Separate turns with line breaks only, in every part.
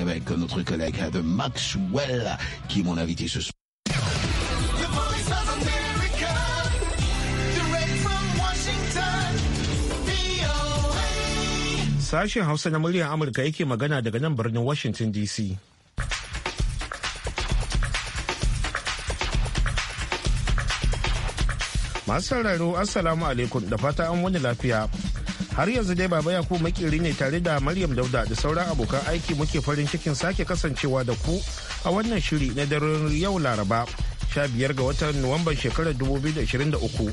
avec notre collègue de Maxwell, qui est mon invité ce soir. Sashen Hausa na muryar Amurka yake magana daga nan birnin Washington DC. Masu sauraro, Assalamu alaikum da fata an wani lafiya. Har yanzu dai Baba Yakubu makeri ne tare da Maryam Dauda da sauran abokan aiki muke farin cikin sake kasancewa da ku a wannan shiri na daren yau Laraba sha biyar ga watan Nuwamban shekarar da uku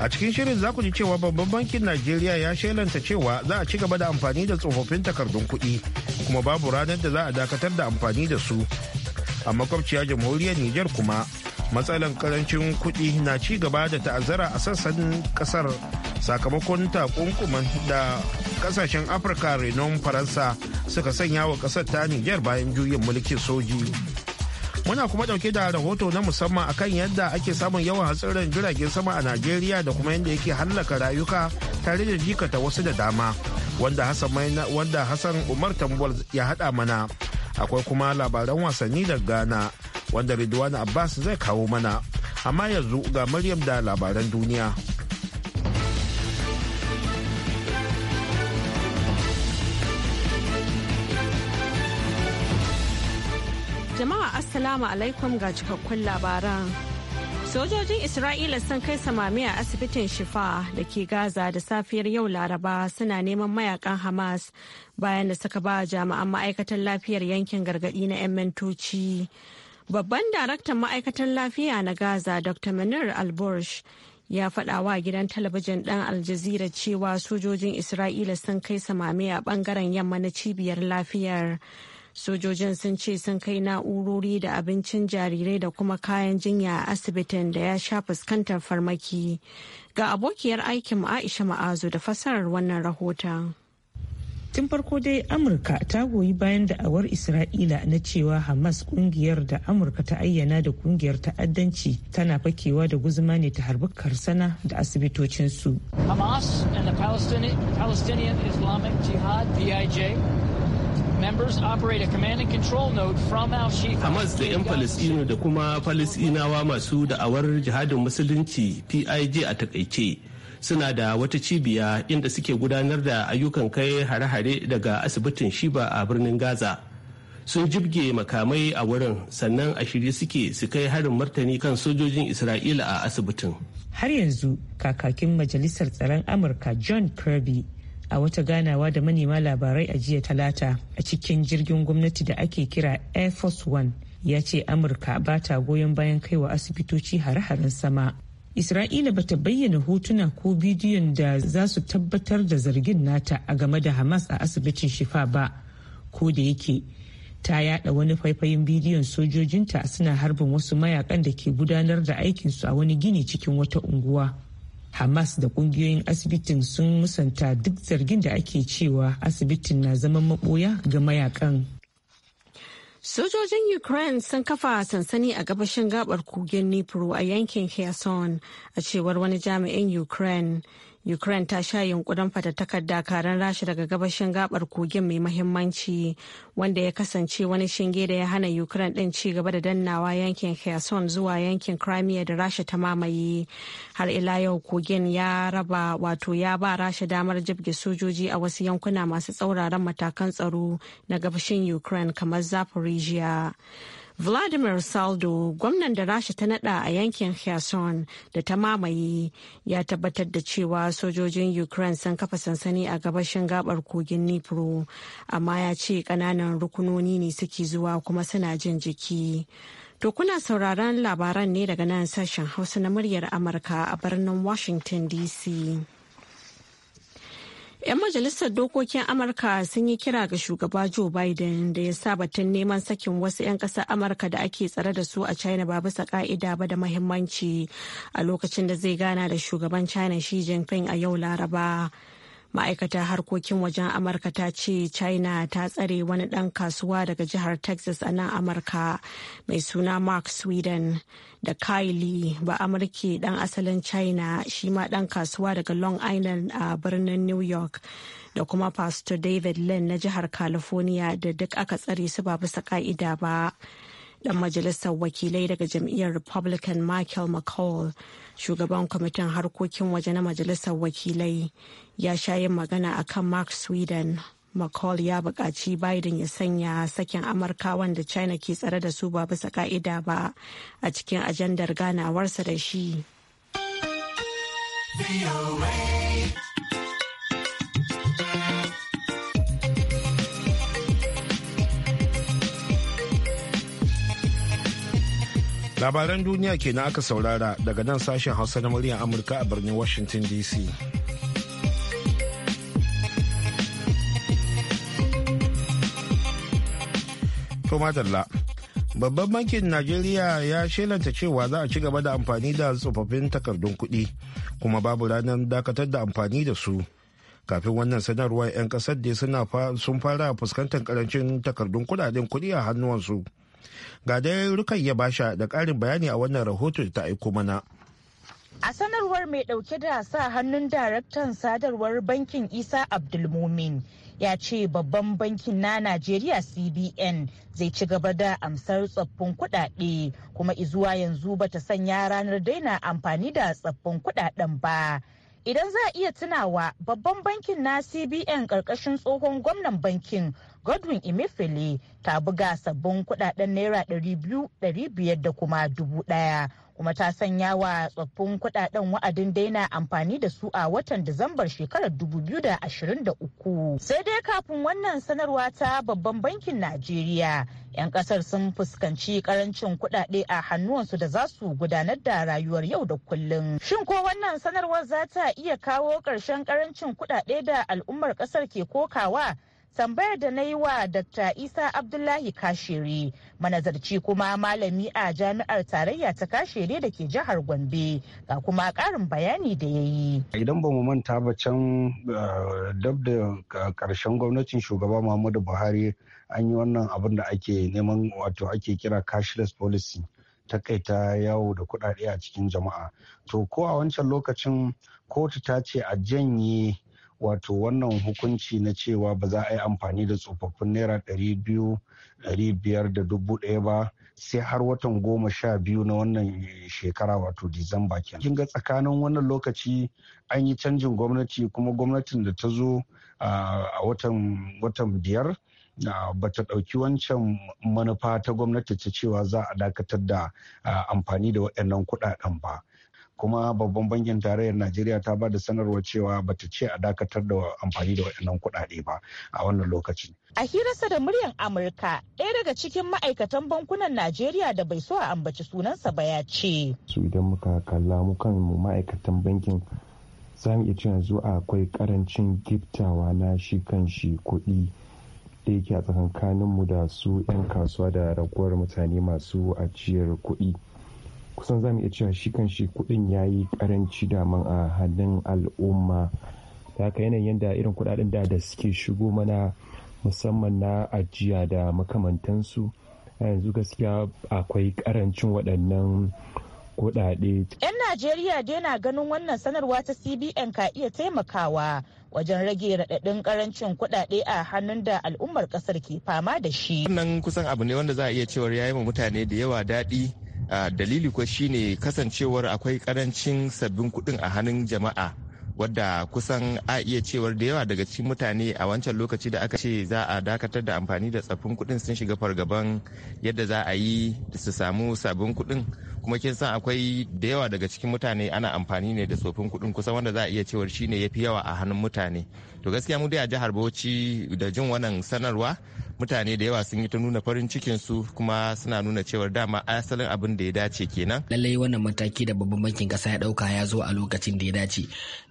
A cikin shirin za ku ji cewa babban bankin Najeriya ya shelanta cewa za a ci gaba da amfani da tsofaffin takardun kuɗi kuma babu ranar da za a dakatar da amfani da su. A makwabciya jamhuriyar Nijar kuma matsalan karancin kuɗi na ci gaba da ta'azzara a sassan kasar sakamakon takunkuman da kasashen afirka renon faransa suka sanya wa kasar ta niger bayan juyin mulkin soji muna kuma dauke da rahoto na musamman akan yadda ake samun yawan hatsarin jiragen sama a najeriya da kuma yadda yake hallaka rayuka tare da jikata wasu da dama wanda hassan, umar tambol ya hada mana akwai kuma labaran wasanni daga ghana wanda Ridwan Abbas zai kawo mana. Amma yanzu ga Maryam da labaran duniya.
Jama'a Assalamu alaikum ga cikakkun labaran. Sojojin Isra'ila sun kai samami a asibitin Shifa da ke Gaza da safiyar yau Laraba suna neman mayakan Hamas bayan da suka ba jami'an ma'aikatan lafiyar yankin gargadi na 'yan mintoci. Babban daraktan ma'aikatar lafiya na Gaza Dr. manir Alborsh ya faɗa wa gidan talabijin ɗan Aljazira cewa sojojin Isra'ila sun kai samame a ɓangaren yamma na cibiyar lafiyar. Sojojin sun ce sun kai na'urori da abincin jarirai da kuma kayan jinya a asibitin da ya sha fuskantar farmaki. Ga abokiyar aikin Aisha Ma'azu da fasarar wannan rahoton.
tun farko dai amurka ta goyi bayan da'awar isra'ila na cewa hamas kungiyar da amurka ta ayyana da kungiyar ta'addanci tana fakewa da guzuma ne ta harbi karsana da asibitocinsu
hamas Hamas da 'yan Falasɗinu
da kuma falisinawa masu da'awar jihadin Musulunci PIJ a takaice suna da wata cibiya inda suke gudanar da ayyukan kai hare-hare daga asibitin shiba a birnin gaza sun jibge makamai a wurin sannan a shirye suke su kai harin martani kan sojojin isra'ila a asibitin
har yanzu kakakin majalisar tsaron amurka john kirby a wata ganawa da manema labarai a jiya talata a cikin jirgin gwamnati da ake kira air force one ya ce amurka ba ta goyon bayan kaiwa asibitoci hare-haren sama Isra'ila bata bayyana hotuna ko bidiyon da za su tabbatar da zargin nata a game da Hamas a asibitin Shifa ba, ko da yake ta yada wani faifayin bidiyon sojojinta suna harbin wasu mayakan da ke gudanar da aikinsu a wani gini cikin wata unguwa. Hamas da kungiyoyin asibitin sun musanta duk zargin da ake cewa asibitin na zaman maboya ga mayakan.
Sojojin Ukraine sun kafa sansani a gabashin gabar kogin Dnipro a yankin Kherson a cewar wani jami'in Ukraine Ukraine ta sha yunkurin fatattakar dakaran rasha daga gabashin gabar kogin mai mahimmanci wanda ya kasance wani shinge da ya hana Ukraine din ci gaba da dannawa yankin Kherson zuwa yankin Crimea da rasha ta mamaye. Har ila yau kogin ya raba wato ya ba rasha damar jibge sojoji a wasu yankuna masu tsauraran matakan tsaro na gabashin Ukraine kamar Zaporizhia. Vladimir Saldo, gwamnan da Rasha ta nada a yankin Kherson da ta mamaye, ya tabbatar da cewa sojojin Ukraine sun kafa sansani a gabashin gabar kogin Nipro, amma ya ce kananan rukunoni ne suke zuwa kuma suna jin jiki. To kuna sauraron labaran ne daga nan sashen Hausa na muryar Amurka a birnin Washington DC. 'Yan majalisar dokokin Amurka sun yi kira ga shugaba Joe Biden da ya sa batun neman sakin wasu 'yan ƙasar Amurka da ake tsare da su a China ba bisa ka'ida ba da mahimmanci a lokacin da zai gana da shugaban China Xi Jinping a yau Laraba. ma'aikatar harkokin wajen amurka ta ce china ta tsare wani dan kasuwa daga jihar texas a nan amurka mai suna mark sweden da kylie ba amurke dan asalin china shi ma dan kasuwa daga long island a birnin new york da kuma pastor david lynn na jihar california da duk aka tsare su ba bisa ka'ida ba dan majalisar wakilai daga jam'iyyar republican michael mccall shugaban kwamitin harkokin waje na majalisar wakilai ya sha yin magana a kan mark sweden mccall ya buƙaci biden ya sanya sakin amurka wanda china ke tsare da su ba bisa ka'ida ba a cikin ajandar ganawarsa da shi
labaran duniya ke na aka saurara daga nan sashen hausa na muryar amurka a birnin washington dc koma talla. Babban bankin Najeriya ya shelanta cewa za a ci gaba da amfani da tsofaffin takardun kuɗi kuma babu ranar dakatar da amfani da su. Kafin wannan sanarwar 'yan ƙasar da suna sun fara fuskantar karancin takardun kuɗaɗen kuɗi a hannuwansu. Ga dai ya Basha da ƙarin bayani a wannan rahoto ta aiko mana.
A sanarwar mai ɗauke da sa hannun daraktan sadarwar bankin Isa Abdulmumin ya ce babban bankin na najeriya cbn zai ci gaba da amsar tsaffin kuɗaɗe kuma izuwa yanzu ba ta sanya ranar daina amfani da tsaffin kudaden ba idan za a iya tunawa babban bankin na cbn karkashin tsohon gwamnan bankin godwin emefiele ta buga sabbin kudaden naira 200 da kuma dubu daya kuma ta sanya wa tsoffin kudaden wa'adin daina amfani da su a watan disambar shekarar 2023 sai dai kafin wannan sanarwa ta babban bankin najeriya 'yan kasar sun fuskanci karancin kudade a hannuwansu da za su gudanar da rayuwar yau da kullum shin ko wannan sanarwar za ta iya kawo ƙarshen karancin kudade da al'ummar kasar ke kokawa tambayar da na yi wa dr isa abdullahi kashiri manazarci kuma malami a jami'ar tarayya ta kashiri da ke jihar gombe ga kuma karin bayani da ya yi
idan ba mu manta ba can ah, dab da karshen gwamnatin shugaba muhammadu buhari an yi wannan abin da ake neman wato ake kira cashless policy takaita yawo da kudade a cikin jama'a to ko a wancan lokacin kotu ta ce a janye wato wannan hukunci na cewa ba za a yi amfani da tsofaffin naira ɗari biyu ɗari biyar da dubu ɗaya ba sai har watan goma sha biyu na wannan shekara wato disamba kenan kin ga tsakanin wannan lokaci an yi canjin gwamnati kuma gwamnatin da ta zo a watan biyar ba ta ɗauki wancan manufa ta gwamnati ta cewa za a dakatar da amfani da waɗannan kuɗaɗen ba kuma babban bankin tarayyar najeriya ta ba da sanarwar cewa bata ce a dakatar da amfani da waɗannan kuɗaɗe ba a wannan lokaci
a hirarsa da muryar amurka ɗaya daga cikin ma'aikatan bankunan najeriya da bai so a ambaci sunansa ba ya ce
su idan muka kalla mu mu ma'aikatan bankin za mu iya cewa yanzu akwai karancin giftawa na shi kan shi kuɗi da yake a mu da su 'yan kasuwa da raguwar mutane masu ajiyar kuɗi kusan za mu iya cewa shi kan shi kuɗin ya yi da daman a hannun al'umma da haka yanayin yadda irin kudaden da da suke shigo mana musamman na ajiya da makamantansu yanzu gaskiya akwai karancin waɗannan kudade.
'Yan Najeriya dai na ganin wannan sanarwa ta CBN ka iya taimakawa wajen rage raɗaɗin karancin kuɗaɗe a hannun da al'ummar ƙasar ke fama da shi.
Wannan kusan abu ne wanda za a iya cewar ya yi mutane da yawa daɗi dalili kuwa shine kasancewar akwai karancin sabbin kuɗin a hannun jama'a wadda kusan a iya cewar da yawa daga cikin mutane a wancan lokaci da aka ce za a dakatar da amfani da tsaffin kuɗin sun shiga fargaban yadda za a yi su samu sabbin kuɗin kuma kin san akwai da yawa daga cikin mutane ana amfani ne da tsofin kuɗin kusan wanda za a iya cewar shine yafi yawa a hannun mutane to gaskiya mu dai a jihar Bauchi da jin wannan sanarwa mutane da yawa sun yi ta nuna farin cikin su kuma suna nuna cewar dama asalin abin da ya dace kenan lallai wannan
mataki da babban bankin kasa ya dauka ya zo a lokacin da ya dace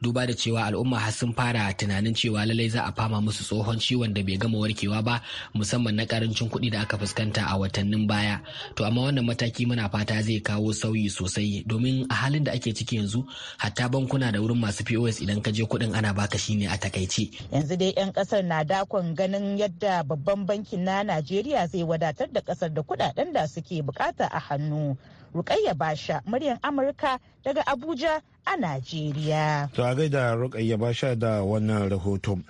duba da cewa al'umma har sun fara tunanin cewa lallai za a fama musu tsohon ciwon da bai gama warkewa ba musamman na karancin kuɗi da aka fuskanta a watannin baya to amma wannan mataki muna fata zai kawo kawo sauyi sosai domin a halin da ake ciki yanzu hatta bankuna da wurin masu POS idan ka je kuɗin ana baka shi ne a takaice.
Yanzu dai 'yan kasar na dakon ganin yadda babban bankin na Najeriya zai wadatar da kasar da kudaden da suke bukata a hannu. Rukayya Basha, muryar Amurka daga Abuja a Najeriya.
To a gaida Rukayya Basha da wannan rahoton.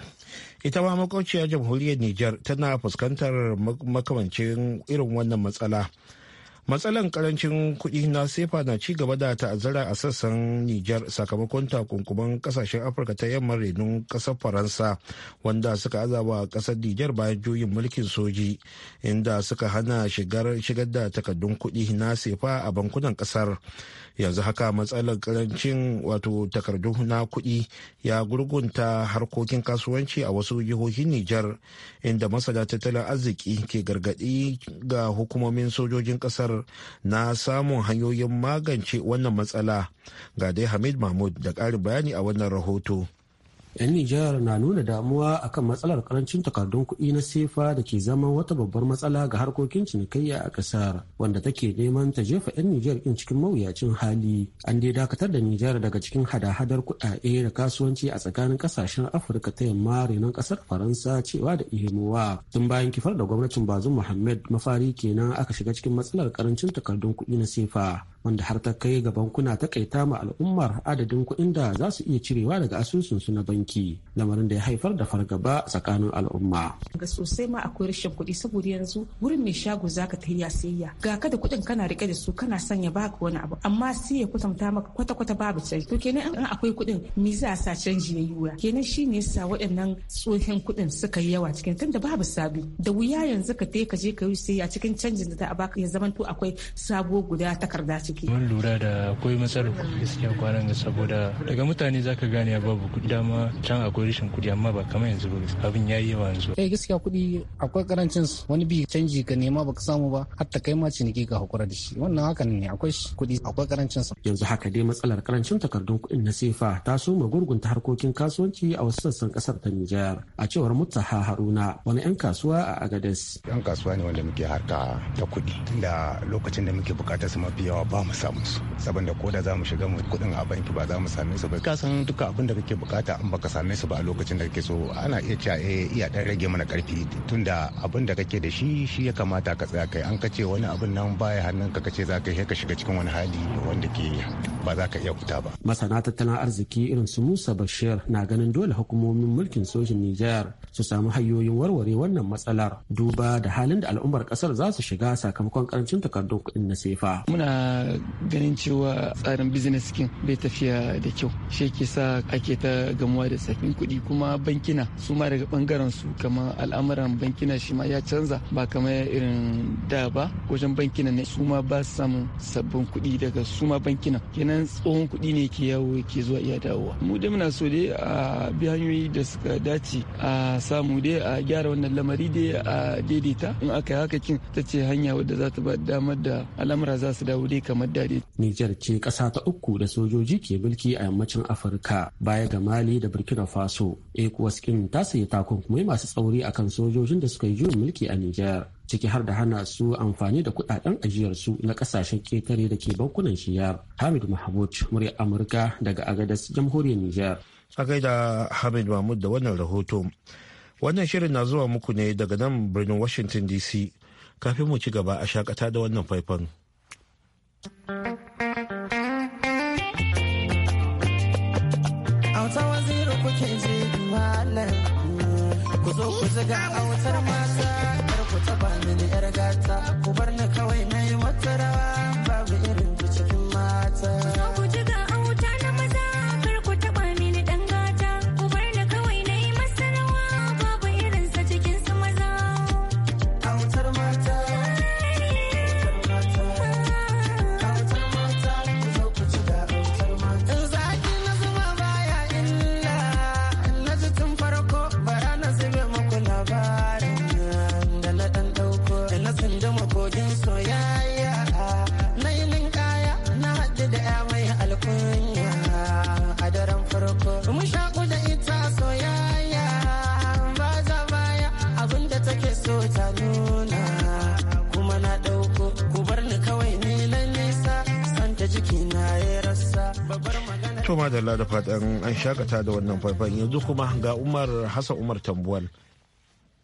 Ita ma makwabciyar jamhuriyar Nijar tana fuskantar makamancin irin wannan matsala matsalan karancin kuɗi na sefa na ci gaba da ta'azzara a sassan nijar sakamakon takunkuman kasashen afirka ta yamma renon ƙasar faransa wanda suka azaba ƙasar nijar bayan juyin mulkin soji inda suka hana shigar da takardun kuɗi na sefa a bankunan ƙasar yanzu haka matsalar karancin wato takardu na kuɗi ya gurgunta harkokin kasuwanci a wasu jihohin nijar inda masana tattalin arziki ke gargaɗi ga hukumomin sojojin ƙasar kasar na samun hanyoyin magance wannan matsala ga dai hamid mahmud da ƙarin bayani a wannan rahoto
'yan nijar na nuna damuwa akan matsalar karancin takardun kuɗi na sefa da ke zama wata babbar matsala ga harkokin cinikayya a ƙasar wanda take neman ta jefa 'yan nijar ɗin cikin mawuyacin hali an dai dakatar da nijar daga cikin hada-hadar kuɗaɗe da kasuwanci a tsakanin ƙasashen afirka ta yamma renon ƙasar faransa cewa da ihimuwa tun bayan kifar da gwamnatin bazum muhammad mafari kenan aka shiga cikin matsalar karancin takardun kuɗi na sefa wanda har ta kai ga bankuna ta kaita ma al'ummar adadin kuɗin da za su iya cirewa daga asusunsu na banki lamarin da ya haifar da fargaba tsakanin al'umma.
Ga sosai ma akwai rashin kuɗi saboda yanzu wurin mai shago za ka ya sayayya ga ka kuɗin kana riƙe da su kana sanya ka wani abu amma sai ya kwatanta maka kwata-kwata babu canji to kenan in akwai kuɗin me za a sa canji ya yi wuya kenan shi ne sa waɗannan tsohin kuɗin suka yi yawa cikin tunda babu sabi da wuya yanzu ka je ka je ka yi sayayya cikin canjin da ta a baka ya zamanto akwai sabo guda takarda ce ciki mun lura da
akwai matsalar kuɗi gaskiya kwanan ga saboda daga mutane za ka gane babu kuɗi dama can akwai
rashin kuɗi amma ba kamar yanzu ba abin yi yawa yanzu eh
gaskiya kuɗi akwai karancin wani bi canji ka nema baka samu ba hatta kai ma ciniki ka hakura da shi wannan hakan ne akwai kuɗi akwai karancin sa
yanzu haka dai matsalar karancin takardun kuɗin na sefa ta so gurgunta harkokin kasuwanci a wasu sassan kasar ta Nijar a cewar Mutaha Haruna wani 'yan kasuwa a Agadez. 'Yan kasuwa ne wanda muke harka ta kuɗi tunda lokacin da muke bukatar su mafi yawa ba ba mu samu su saboda
ko da za mu shiga mu kuɗin a banki ba za mu same su ba ka san duka abin da kake bukata an baka same su ba a lokacin da kake so ana iya cewa eh iya dan rage mana karfi tunda abin da kake da shi shi ya kamata ka tsaya kai an kace wani abin nan baya hannun ka kace za ka ka shiga cikin wani hali wanda ke ba za ka iya fita ba
masana tattalin arziki irin su Musa Bashir na ganin dole hukumomin mulkin sojin Nijar su samu hanyoyin warware wannan matsalar duba da halin da al'ummar kasar za su shiga sakamakon karancin takardun kuɗin na sefa muna ganin cewa
tsarin business kin bai tafiya da kyau shi ke sa ake ta gamuwa da tsafin kuɗi kuma bankina su ma daga bangaren su kamar al'amuran bankina shi ma ya canza ba kamar irin da ba wajen bankina ne su ma ba samun sabbin kuɗi daga su ma bankina kenan tsohon kuɗi ne ke yawo ke zuwa iya dawowa mu dai muna so dai a bi hanyoyi da suka dace a samu dai a gyara wannan lamari dai a daidaita in aka yi haka kin ta ce hanya wadda za ta ba damar da al'amura za su dawo dai kamar Muhammad
Nijar ce ƙasa ta uku da sojoji ke mulki a yammacin Afirka baya ga Mali da Burkina Faso. ECOWAS ɗin ta sayi takunkumai masu tsauri akan sojojin da suka yi juyin mulki a Nijar. ciki har da hana su amfani da kudaden ajiyarsu na kasashen ketare da ke bankunan shiyar. Hamid Mahmud, murya Amurka daga Agadas, Jamhuriyar Nijar. A gaida Hamid Mahmud
da wannan rahoto. Wannan shirin na zuwa muku ne daga nan birnin Washington DC. Kafin mu ci gaba a shakata da wannan faifan.
Auta waziri kuke je malam ku zo ku ziga autar mata kar ku taba mini yar gata ku bar ni kawai na yi mata rawa.
da fatan an shakata da wannan faifan yanzu kuma ga umar hasa umar tambuwal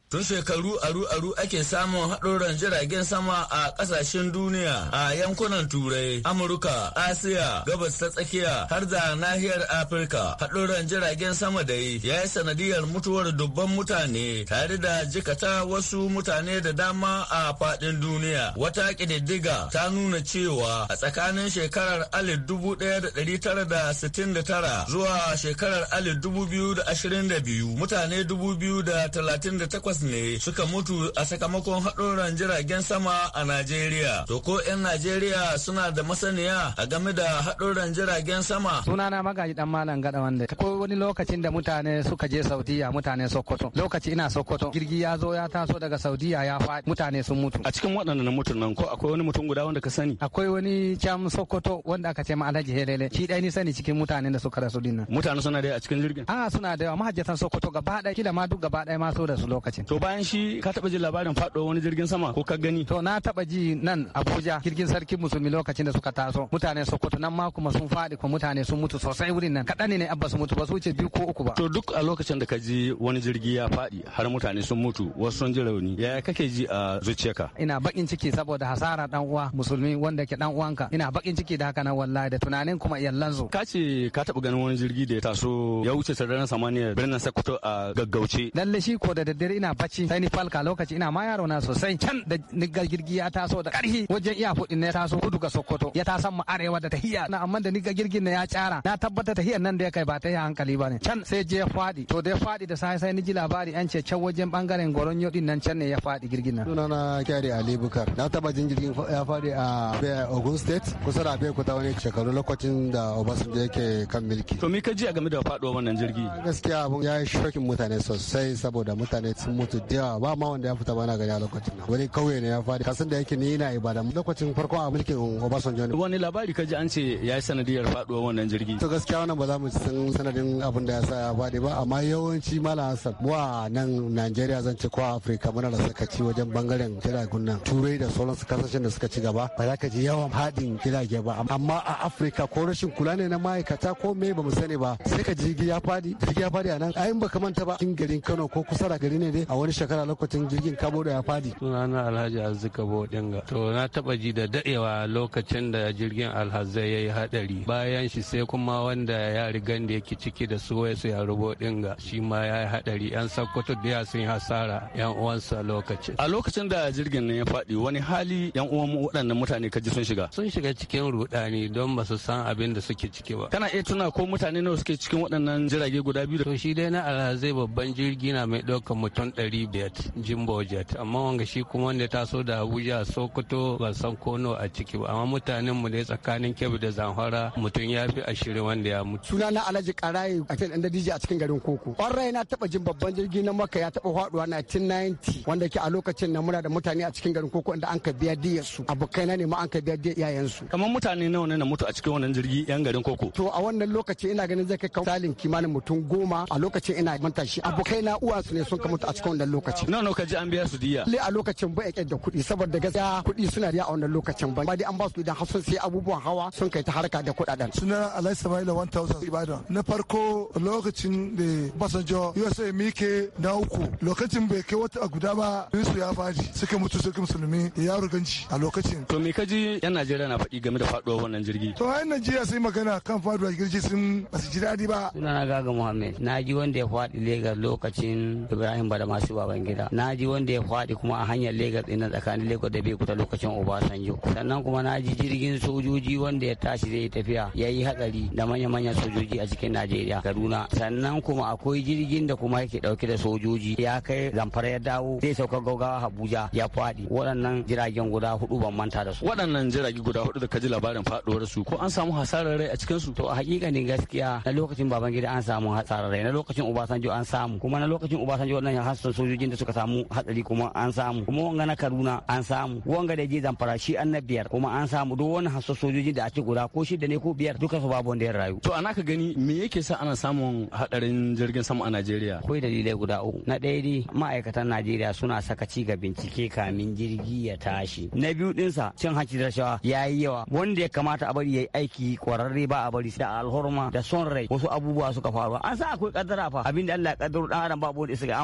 Tun shekaru aru-aru ake samun haɗurran jiragen sama a ƙasashen duniya a yankunan Turai, Amurka, Asiya, Gabas ta tsakiya har da nahiyar Afirka. Haɗoran jiragen sama da yi ya yi sanadiyar mutuwar dubban mutane tare da jikata wasu mutane da dama a faɗin duniya. Wata ƙididdiga ta nuna cewa a tsakanin shekarar 1969 zuwa shekarar 2022 mutane 2038 takwas ne suka mutu a sakamakon haɗoran jiragen sama a Najeriya. To ko 'yan Najeriya suna da masaniya a game da haɗoran jiragen sama.
Sunana magaji dan malam gada wanda. Ko wani lokacin da mutane suka je Saudiya mutane Sokoto. Lokaci ina Sokoto jirgi ya zo ya taso daga Saudiya ya faɗi mutane sun mutu. A cikin waɗannan mutun nan ko akwai wani mutum guda wanda ka sani? Akwai wani cam Sokoto wanda aka ce ma Alhaji Helele. Shi ɗaya ni sani cikin mutanen da suka rasu dinnan. Mutane suna da a cikin jirgin? A ah, suna da yawa mahajjatan Sokoto gaba ɗaya kila ma duk gaba ɗaya ma so da su lokacin. to bayan shi ka taba jin labarin fado wani jirgin sama ko ka gani to na taba ji nan Abuja jirgin sarki musulmi lokacin da suka taso mutane Sokoto nan ma kuma sun faɗi kuma mutane sun mutu sosai wurin nan kaɗan ne abba su mutu ba su wuce biyu ko uku ba to duk a lokacin da
ka ji wani jirgi ya faɗi har mutane sun mutu wasu sun ji rauni yaya kake ji a zuciyarka
ina bakin ciki saboda hasara dan uwa musulmi wanda ke dan uwanka ina bakin ciki da haka nan wallahi da tunanin kuma yallanzu.
ka ce ka taba ganin wani jirgi da ya taso ya wuce sararin samaniya birnin Sokoto a gaggauce
lalle shi ko da daddare ina bacci sai ni falka lokaci ina ma yaro na sosai can da nigar girgi ya taso da karhi wajen iya fudin na ya taso kudu ga sokoto ya tasan mu arewa da tahiya na amma da nigar girgin na ya tsara na tabbata tahiyar nan da ya kai ba ta hankali ba ne can sai je fadi to da ya fadi da sai sai ni ji labari an ce can wajen bangaren goron yodin nan can ne ya fadi girgin nan na kyari
ali bukar na taba jin jirgin ya fadi a ogun state kusa da abeokuta wani shekaru lokacin da obasanjo yake kan milki
to me ka ji a game da faduwar wannan jirgi
gaskiya abun ya yi shokin mutane sosai saboda mutane sun mutu da yawa ba ma wanda ya fita na gani a lokacin nan wani kauye ne ya fadi kasan da yake ni na ibada. lokacin farko a mulkin obasanjo ne
wani labari kaji an ce ya yi sanadiyar faduwar wannan jirgi to
gaskiya wannan ba za mu san sanadin abin da ya sa ya fadi ba amma yawanci malam hassan wa nan najeriya zan ce ko a afirka muna da sakaci wajen bangaren jiragen nan turai da sauransu kasashen da suka ci gaba ba za ka ji yawan hadin jirage ba amma a afirka ko rashin kula ne na ma'aikata ko me ba mu sani ba sai ka jirgi ya fadi jirgi ya fadi a nan ayin ba kamanta ba cikin garin kano ko kusa da gari ne dai a wani shekara lokacin jirgin da ya fadi sunana alhaji azzika bodinga
to na taba ji da dadewa lokacin da jirgin alhazai ya yi hadari bayan shi sai kuma wanda ya riga da yake ciki da su su ya rubo dinga shi ma ya yi hadari yan sakkwato da ya sun hasara yan uwansa lokacin a lokacin da jirgin ne ya fadi wani hali yan uwan waɗannan mutane ka ji sun shiga sun shiga cikin rudani don ba su san abin da suke ciki ba kana iya tuna ko mutane nawa suke cikin waɗannan jirage guda biyu to shi dai na alhazai babban jirgi na mai ɗaukar mutum ɗari Ribet jimbo jet amma wanga shi kuma wanda taso da abuja sokoto ban san kono a ciki ba amma mutanen mu da tsakanin kebbi da zamfara mutum ya fi ashirin wanda ya mutu
suna na alhaji karaye a kan dan dadiji a cikin garin koko kwarai na taba jin babban jirgi na maka ya taba faduwa 1990 wanda ke a lokacin na muna da mutane a cikin garin koko inda an ka biya diyar su abokaina ne ma an ka biya diyar iyayen su
kamar mutane nawa ne na mutu a cikin wannan
jirgi yan garin koko to a wannan lokaci ina ganin zai kai salin kimanin mutum goma a lokacin ina manta shi abokaina uwansu ne sun ka mutu a cikin wannan lokacin nawa
ka ji an biya su diya le
a lokacin ba yake da kuɗi saboda gaskiya kuɗi suna da a wannan lokacin ba dai an ba su har hasun sai abubuwan hawa sun kai ta harka da kuɗaɗen Suna Alai Sama'ila 1000 Ibadan na farko lokacin da Basanjo USA Mike na uku lokacin bai kai wata guda ba su ya faji suka mutu suka musulmi
ya ruganci a lokacin
to me ka ji yan Najeriya na faɗi game da faɗuwar wannan jirgi
to yan Najeriya sai magana kan faɗuwar jirgi sun ba su ji daɗi ba na Gaga Muhammad na ji wanda ya faɗi Lagos lokacin Ibrahim Badama masu baban gida na ji wanda ya faɗi kuma a hanyar Legas ɗin na tsakanin Legas da Bekuta lokacin Obasanjo sannan kuma na ji jirgin sojoji wanda ya tashi zai tafiya ya yi hatsari da manya-manyan sojoji a cikin Najeriya Kaduna sannan kuma akwai jirgin da kuma yake ɗauke da sojoji ya kai zamfara ya dawo zai sauka gaugawa Abuja ya faɗi waɗannan jiragen guda hudu ban manta da su
waɗannan jirage guda hudu da ka ji labarin faɗuwar su ko
an samu hasarar rai a cikin su to a hakikanin gaskiya na lokacin baban gida an samu hasarar rai na lokacin Obasanjo an samu kuma na lokacin Obasanjo wannan ya hasu sojojin da suka samu hatsari kuma an samu kuma wanga na Kaduna an samu wanga da je zamfara shi an na biyar kuma an samu duk wani hasso sojojin da a ci guda ko shida ne ko biyar duka su babu wanda ya rayu to ana ka gani me yake sa ana samun hadarin jirgin sama a Najeriya akwai dalilai guda uku na ɗaya dai ma'aikatan Najeriya suna saka ci ga bincike kamin jirgi ya tashi na biyu dinsa cin hanci da rashawa yayi yawa wanda ya kamata a bari yayi aiki kwararre ba a bari da alhorma da son rai wasu abubuwa suka faru an sa akwai kaddara fa abinda Allah ya kaddaro dan adam babu wanda isa ga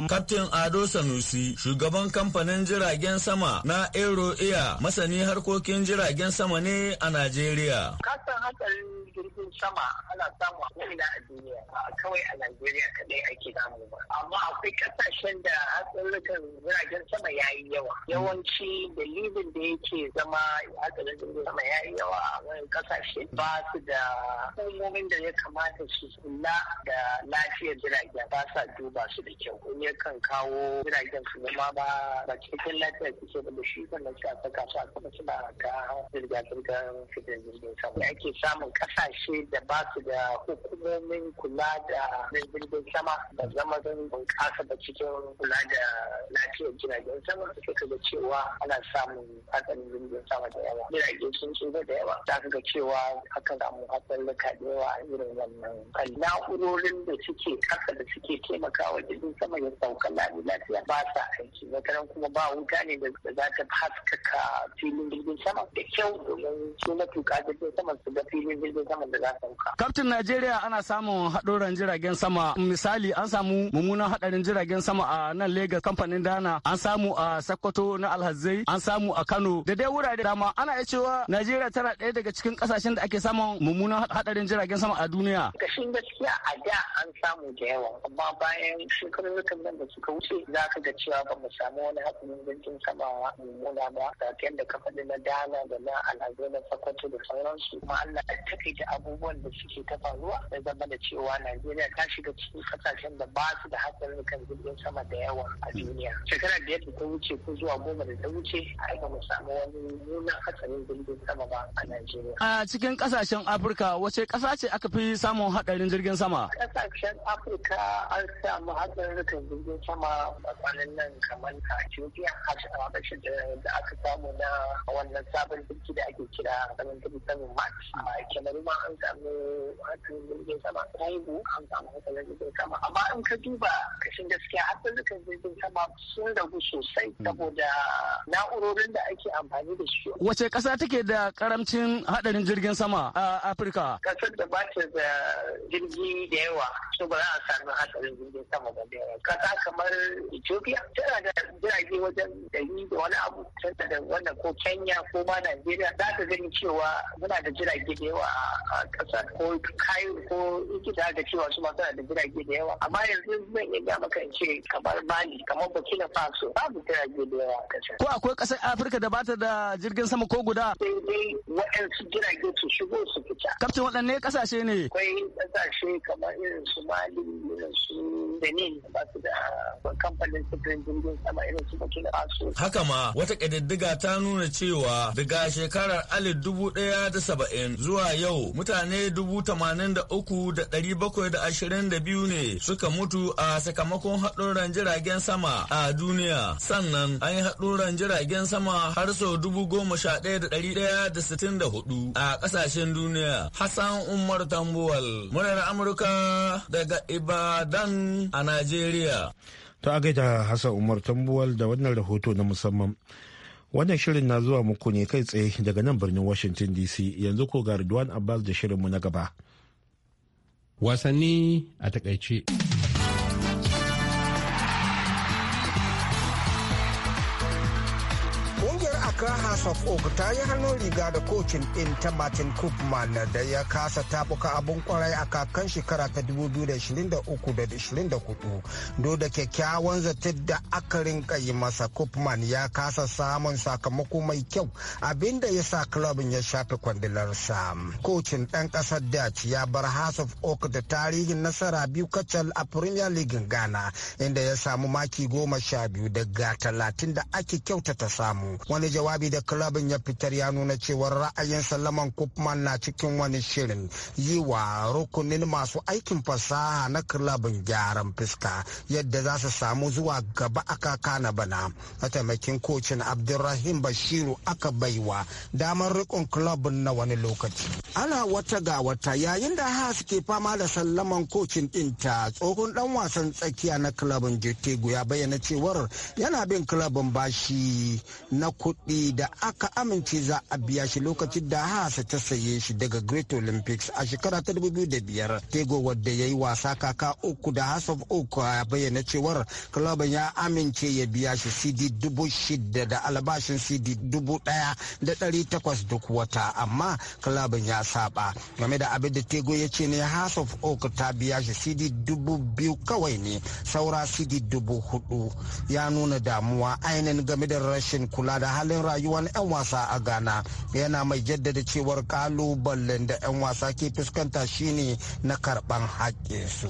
Ado Sanusi, shugaban kamfanin jiragen sama na Aero Air, masani harkokin jiragen sama ne a Najeriya.
Kasan hatsarin jirgin sama ana samu a ina a duniya, kawai a Najeriya kadai ake damu ba. Amma akwai kasashen da hatsarin jiragen sama ya yi yawa. Yawanci dalilin da yake zama hatsarin jirgin sama ya yi yawa a wani kasashe ba su da hukumomin da ya kamata su kula da lafiyar jiragen ba sa duba su da kyau. Yakan kawo kawo jiragen su zama ba ba cikin lafiya suke ba da shi sannan suka saka su a kuma suna ta zirga-zirgar fitar jirgin sama da ake samun kasashe da ba su da hukumomin kula da jirgin sama da zama don bunƙasa da cikin kula da lafiyar jiragen sama suka ga cewa ana samun hatsarin jirgin sama da yawa jirage sun ci da yawa za ka ga cewa akan samu hatsarurruka da yawa irin wannan na'urorin da suke kasa da suke taimakawa jirgin sama ya sauka lafiya mutane lafiya ba sa aiki wataran kuma ba wuta ne da za ta haskaka filin jirgin sama da kyau domin su tuka jirgin sama su ga filin jirgin sama da za su hauka.
Kaftin Najeriya ana samun haɗoran jiragen sama misali an samu mummunan haɗarin jiragen sama a nan Legas kamfanin Dana an samu a Sokoto na Alhazai an samu a Kano da dai wurare dama ana iya cewa Najeriya tana ɗaya daga cikin ƙasashen da ake samun mummunan haɗarin jiragen sama a duniya.
Kashin gaskiya a da an samu da yawa amma bayan shekarun nan da suka wuce ce za ka ga cewa ba mu samu wani hatsarin jirgin sama mummuna ba da yadda ka faɗi na dana da na alhazo na sakwato da sauransu ma Allah a takaita abubuwan da suke ta faruwa da zama da cewa Najeriya ta shiga cikin kasashen da ba su da hatsarin kan jirgin sama da yawa a duniya. Shekara biyar da ta wuce ko zuwa goma da ta wuce a ba mu samu wani mummunan hatsarin jirgin sama ba a Najeriya.
A cikin kasashen Afirka wace kasa ce aka fi samun hatsarin jirgin sama?
Kasashen Afirka an samu hatsarin jirgin sama kwanan nan kamar a Ethiopia a rashin da aka samu na wannan sabon jirgi da ake kira sabon birki sabon March a Kemaru ma an samu hatsarin jirgin sama an samu hatsarin jirgin sama amma in ka duba kashin gaskiya hatsarin jirgin sama sun dagu sosai hmm. saboda na'urorin da ake amfani da shi. Wace
ƙasa take da karamcin haɗarin jirgin sama a Afirka?
Ƙasar da ba ta da jirgi da yawa, so ba za a sami hatsarin jirgin sama ba da yawa. Ƙasa kamar Ethiopia tana da jirage wajen yi da wani abu tana da wannan ko Kenya ko ma Najeriya za ka gani cewa muna da jirage da yawa a ƙasar ko kai ko ikita ga cewa su masu da jirage da yawa amma yanzu zan iya ga maka ce kamar Mali kamar Burkina Faso babu jirage da yawa a ƙasar. Ko akwai ƙasar
Afirka
da bata da jirgin sama ko guda? Sai
dai waɗansu jirage su shigo su fita.
Kaftin waɗanne ƙasashe ne?
Akwai ƙasashe kamar irin su Mali irin su Benin ba su da kamfanin sufurin jirgin sama irin su bakin asu. Haka ma
wata kadiddiga ta nuna cewa daga shekarar alif dubu ɗaya da saba'in zuwa yau mutane dubu tamanin da uku da ɗari bakwai da ashirin da biyu ne suka mutu a sakamakon haɗuran jiragen sama a duniya sannan an yi haɗuran jiragen sama har sau dubu goma sha ɗaya da ɗari ɗaya da sittin da hudu a ƙasashen duniya. Hassan Umar Tambuwal, murar Amurka daga Ibadan a Najeriya.
ta gaida Hassan Umar Tambuwal da wannan rahoto na musamman. Wannan shirin na zuwa muku ne kai tsaye daga nan birnin Washington DC yanzu ko ga Ridwan Abbas da shirinmu na gaba.
Wasanni a takaice.
Doka House of Oak ta yi hannun riga da kocin ɗin ta Martin Koopman da ya kasa tabuka abun kwarai a kakan shekara ta 2023 da Doda kyakkyawan zatin da aka rinka yi masa Koopman ya kasa samun sakamako mai kyau abinda ya sa klubin ya shafi Sam. Kocin ɗan ƙasar Dutch ya bar House of Oak da tarihin nasara biyu kacal a Premier League Ghana inda ya samu maki goma sha biyu daga talatin da ake kyautata samu. Wani jawabi jawabi da kilabin ya fitar ya nuna cewar ra'ayin sallaman kufman na cikin wani shirin yi wa rukunin masu aikin fasaha na kilabin gyaran fuska yadda za su samu zuwa gaba a kaka na bana. Mataimakin kocin Abdulrahim Bashiru aka baiwa damar rikon kilabin na wani lokaci. Ana wata ga wata yayin da Haas ke fama da sallaman kocin dinta tsohon dan wasan tsakiya na kilabin Jirtegu ya bayyana cewar yana bin kilabin bashi na kuɗi da aka amince za a biya shi lokacin da hasa ta saye shi daga Great Olympics a shekara ta 2005. Tego wadda ya yi wasa kaka uku da House of Oak ya bayyana cewar club ya amince ya biya shi CD dubu shida da albashin CD dubu ɗaya da dari takwas duk wata amma club ya saba. Game da abin da Tego ya ce ne House of Oak ta biya shi CD dubu biyu kawai ne saura CD dubu hudu ya nuna damuwa ainihin game da rashin kula da halin rayuwar 'yan wasa a ghana yana mai jaddada cewar kalubalen da 'yan wasa ke fuskanta shine na karban su.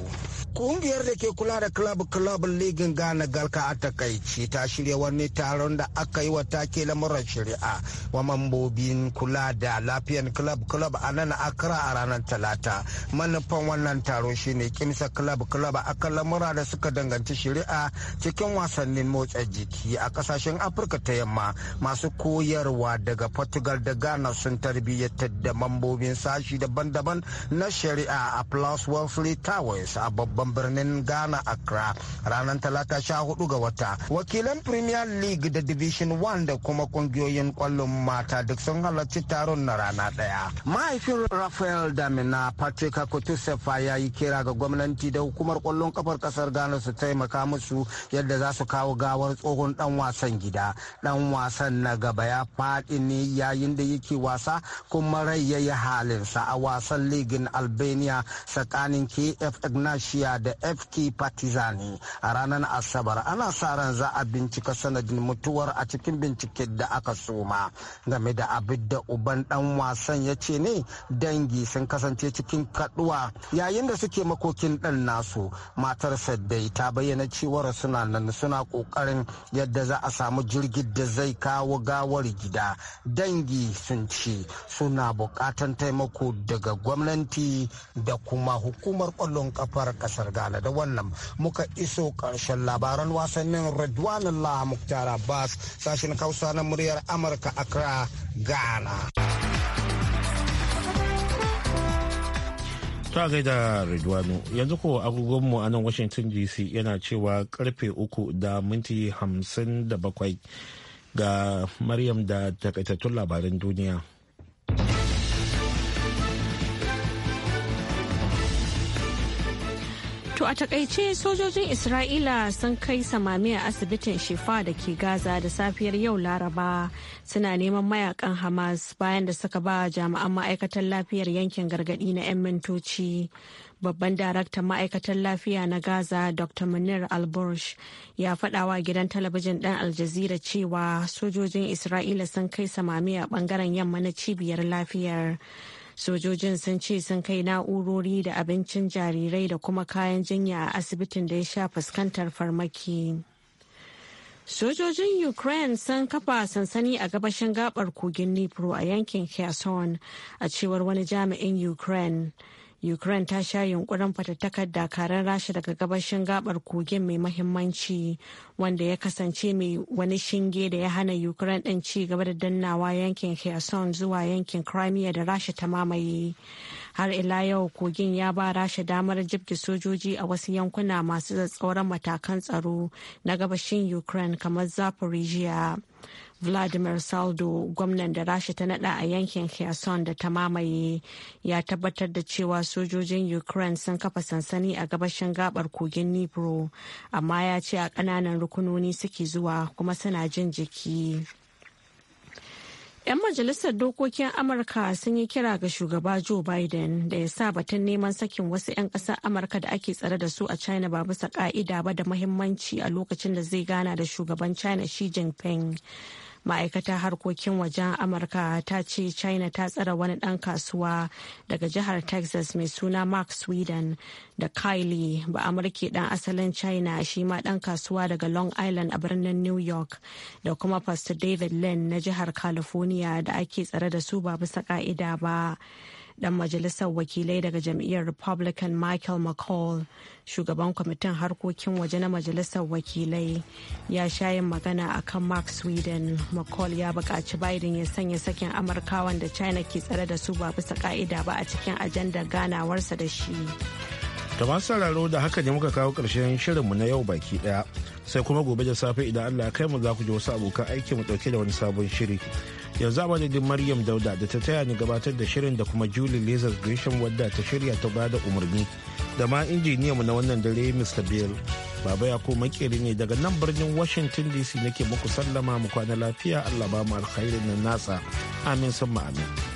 ƙungiyar da ke kula da club club ligin ghana galka a takaici ta shirya wani taron da aka yi wa take lamuran shari'a wa mambobin kula da lafiyan club club a nan akra a ranar talata manufan wannan taro shine kimsa club club kan lamura da suka danganci shari'a cikin wasannin motsa jiki a kasashen afirka ta yamma masu masu koyarwa daga Portugal da Ghana sun tarbiyyatar da mambobin sashi daban-daban na shari'a a Plus Wesley Towers a babban birnin Ghana Accra ranar talata sha hudu ga wata. Wakilan Premier League da Division 1 da kuma kungiyoyin kwallon mata duk sun halarci taron na rana daya. Mahaifin Rafael Damina Patrick Akutusefa ya yi kira ga gwamnati da hukumar kwallon kafar kasar Ghana su taimaka musu yadda za su kawo gawar tsohon dan wasan gida. Dan wasan na gaba ya faɗi ne yayin da yake wasa kuma rai ya yi halinsa a wasan ligin albania tsakanin kf ignatia da fk partizani a ranar asabar ana sa ran za a bincika sanadin mutuwar a cikin binciken da aka soma game da abin da uban dan wasan ya ce ne dangi sun kasance cikin kaduwa yayin da suke makokin dan nasu matar dai ta bayyana cewar suna nan suna kokarin yadda za a samu jirgin da zai kawo gawar gida dangi sun ce suna bukatan taimako daga gwamnati da kuma hukumar kwallon kafar kasar ghana da wannan muka iso karshen labaran wasannin redwan allah muktar abbas sashen kausa na muryar amurka accra ghana
ta gaida Ridwanu yanzu ko agogonmu a nan Washington DC yana cewa karfe uku da minti hamsin da bakwai ga Maryam da takaitattun labaran duniya.
To a takaice sojojin Isra'ila sun kai samami a asibitin Shifa da ke Gaza da safiyar yau Laraba suna neman mayakan Hamas bayan da suka ba jami'an ma'aikatan lafiyar yankin gargadi na 'yan mintoci. babban daraktan ma'aikatar lafiya na gaza dr munir albursh ya faɗawa gidan talabijin ɗan aljazira cewa sojojin isra'ila sun kai samami a ɓangaren yamma na cibiyar lafiyar sojojin sun ce sun kai na'urori da abincin jarirai da kuma kayan jinya a asibitin da ya sha fuskantar farmaki Sojojin Ukraine sun kafa sansani a gabashin gabar kogin Dnipro a yankin Kherson a cewar wani jami'in Ukraine. Ukraine ta sha yunkurin fatattakar karen Rasha daga gabashin gabar kogin mai mahimmanci wanda ya kasance mai wani shinge da ya hana Ukraine ɗin ci gaba da dannawa yankin Kherson zuwa yankin Crimea da Rasha ta mamaye. Har ila yau kogin ya ba Rasha damar jibge sojoji a wasu yankuna masu tsauran matakan tsaro na gabashin Ukraine kamar Zaporizhia. vladimir saldo gwamnan da rasha ta nada a yankin kherson da ta mamaye ya tabbatar da cewa sojojin ukraine sun kafa sansani a gabashin gabar kogin nipro amma ya ce a kananan rukunoni suke zuwa kuma suna jin jiki 'Yan majalisar dokokin Amurka sun yi kira ga shugaba Joe Biden da ya sa batun neman sakin wasu 'yan ƙasar Amurka da ake tsare da su a China ba bisa ƙa'ida ba da muhimmanci a lokacin da zai gana da shugaban China Xi Jinping. ma'aikatar harkokin wajen amurka ta ce china ta tsara wani dan kasuwa daga jihar texas mai suna mark sweden da kylie ba amurke ɗan asalin china shi ma dan kasuwa daga long island a birnin new york da kuma pastor david lynn na jihar california da ake tsare da su ba bisa ka'ida ba dan majalisar wakilai daga jam'iyyar republican michael mccall shugaban kwamitin harkokin waje na majalisar wakilai ya sha yin magana akan mark sweden mccall ya buƙaci biden ya sanya sakin amurkawan da china ke tsare da su ba bisa ka'ida ba a cikin ajandar ganawarsa da shi
ta masu sauraro da haka ne muka kawo ƙarshen shirinmu na yau baki ɗaya. Sai kuma gobe da safe idan Allah kai mu za ku ji wasu abokan aiki mu ɗauke da wani sabon shiri. Yanzu a madadin Maryam Dauda da ta taya ni gabatar da shirin da kuma Julie lizard Gresham wadda ta shirya ta bada umarni. Da ma mu na wannan dare Mr. Bill. Baba ya ko makeri ne daga nan birnin Washington DC nake muku sallama mu kwana lafiya Allah ba mu alkhairin nan nasa. Amin sun amin.